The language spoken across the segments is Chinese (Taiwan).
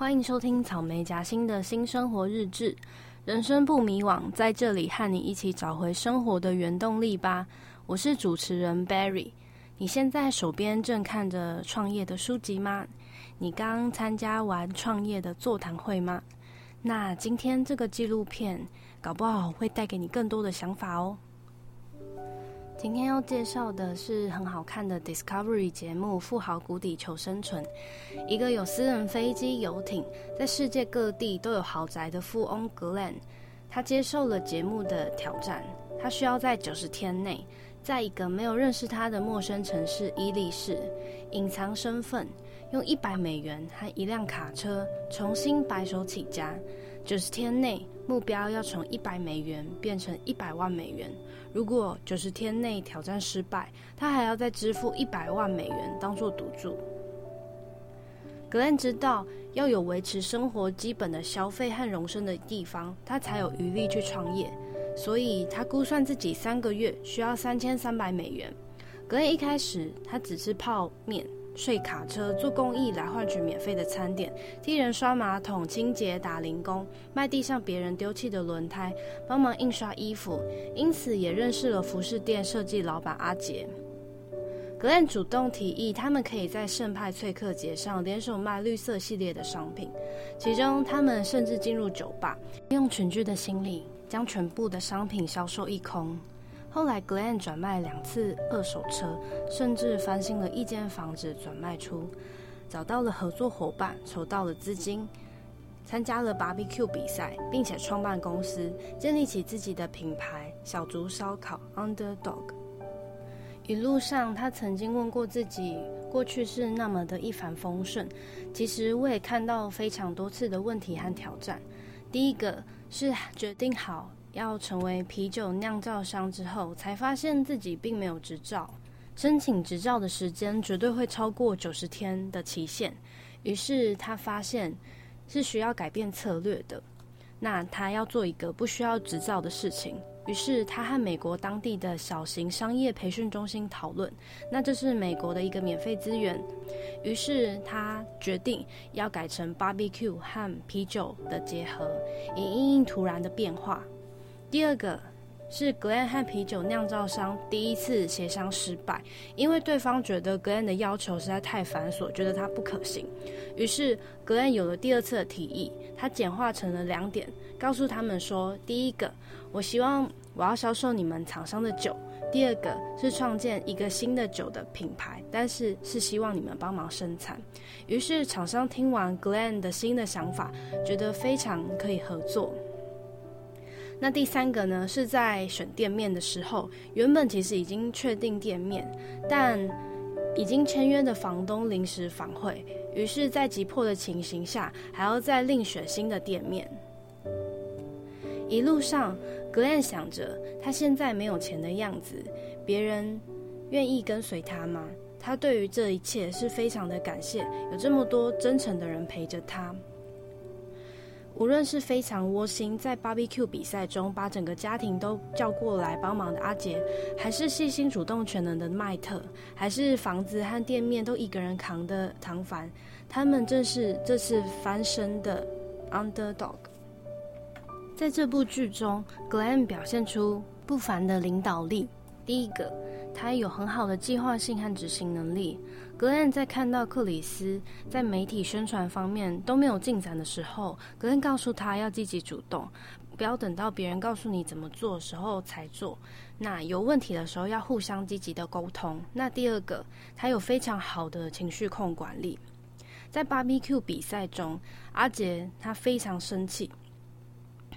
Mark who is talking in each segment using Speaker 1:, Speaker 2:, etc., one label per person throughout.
Speaker 1: 歡迎收聽草莓夾心的新生活日誌，人生不迷惘，在這裡和你一起找回生活的原動力吧。我是主持人 Barry，你現在手邊正看着創業的書籍嗎？你剛參加完創業的座談會嗎？那今天這個紀錄片，搞不好會帶給你更多的想法哦。今天要介紹的是很好看的 Discovery 節目《富豪谷底求生存》。一個有私人飛機、遊艇，在世界各地都有豪宅的富翁 Glen。他接受了節目的挑戰。他需要在九十天內，在一個沒有認識他的陌生城市——伊利市，隱藏身份，用一百美元和一輛卡車，重新白手起家。九十天內，目標要從一百美元變成一百萬美元。如果九十天內挑戰失敗，他還要再支付一百萬美元當做賭注。格蘭知道要有維持生活基本的消費和容身的地方，他才有餘力去創業。所以他估算自己三個月需要三千三百美元。格蘭一開始，他只吃泡麵。睡卡車做公益來換取免費的餐點，替人刷馬桶、清潔、打零工，賣地上別人丟棄的輪胎，幫忙印刷衣服，因此也認識了服飾店設計老闆阿杰。格蘭主動提議，他們可以在聖派翠克節上聯手賣綠色系列的商品，其中他們甚至進入酒吧，用群聚的心理將全部的商品銷售一空。後來，Glen 轉賣兩次二手車，甚至翻新了一間房子轉賣出，找到了合作夥伴，籌到了資金，參加了 BBQ 比賽，並且創辦公司，建立起自己的品牌小竹燒烤 Underdog。一路上，他曾經問過自己，過去是那麼的一帆風順。其實我也看到非常多次的問題和挑戰。第一個是決定好。要成為啤酒釀造商之後，才發現自己並沒有執照。申請執照的時間絕對會超過九十天的期限，於是他發現是需要改變策略的。那他要做一個不需要執照的事情，於是他和美國當地的小型商業培訓中心討論。那就是美國的一個免費資源。於是他決定要改成 BBQ 和啤酒的結合，以因應突然的變化。第二個是 Glen 和啤酒釀造商第一次協商失敗，因為對方覺得 Glen 的要求實在太繁瑣，覺得他不可行。於是 Glen 有了第二次的提議，他簡化成了兩點，告訴他們說：第一個，我希望我要銷售你們廠商的酒；第二個是創建一個新的酒的品牌，但是是希望你們幫忙生產。於是廠商聽完 Glen 的新的想法，覺得非常可以合作。那第三個呢，是在選店面的時候，原本其實已經確定店面，但已經簽約的房東臨時反悔，於是，在急迫的情形下，還要再另選新的店面。一路上，格蘭想着他現在沒有錢的樣子，別人願意跟隨他嗎？他對於這一切是非常的感謝，有這麼多真誠的人陪着他。無論是非常窩心，在 BBQ 比賽中把整個家庭都叫過來幫忙的阿杰，還是細心、主動、全能的麥特，還是房子和店面都一個人扛的唐凡，他們正是這次翻身的 underdog。在這部劇中，Glenn 表現出不凡的領導力。第一個，他有很好的計劃性和執行能力。格恩在看到克里斯在媒體宣傳方面都沒有進展的時候，格恩告訴他要積極主動，不要等到別人告訴你怎麼做的時候才做。那有問題的時候要互相積極的溝通。那第二個，他有非常好的情緒控管理。在芭比 Q 比賽中，阿杰他非常生氣。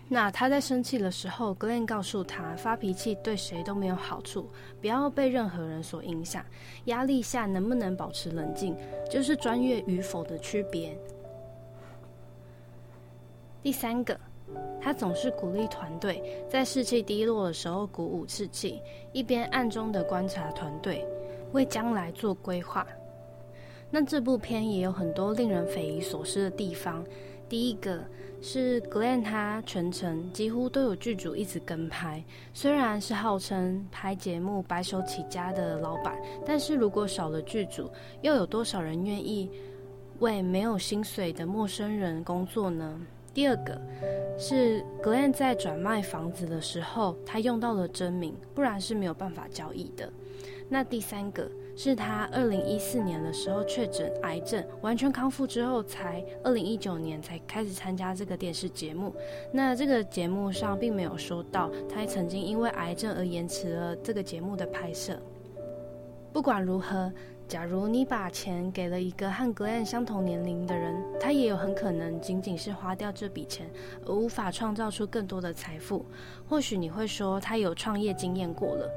Speaker 1: 那他在生氣的時候，Glen 告訴他，發脾氣對誰都沒有好處，不要被任何人所影響。壓力下能不能保持冷靜，就是專業與否的區別。第三個，他總是鼓勵團隊，在士氣低落的時候鼓舞士氣，一邊暗中的觀察團隊，為將來做規劃。那這部片也有很多令人匪夷所思的地方。第一個是 Glen，他全程幾乎都有劇組一直跟拍，雖然是號稱拍節目白手起家的老闆，但是如果少了劇組，又有多少人願意為沒有薪水的陌生人工作呢？第二個是 Glen 在轉賣房子的時候，他用到了真名，不然是沒有辦法交易的。那第三個。是他二零一四年的時候確診癌症，完全康復之後才二零一九年才開始參加這個電視節目。那這個節目上並沒有說到，他也曾經因為癌症而延遲了這個節目的拍攝。不管如何，假如你把錢給了一個和格 l 相同年齡的人，他也有很可能僅僅是花掉這筆錢，而無法創造出更多的財富。或許你會說他有創業經驗過了。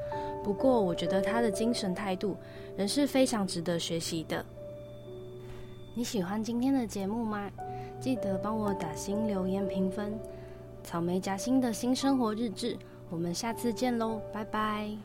Speaker 1: 不過，我覺得他的精神態度仍是非常值得學習的。你喜歡今天的節目嗎？記得幫我打星留言評分。草莓夾心的新生活日誌，我們下次見嘍，拜拜。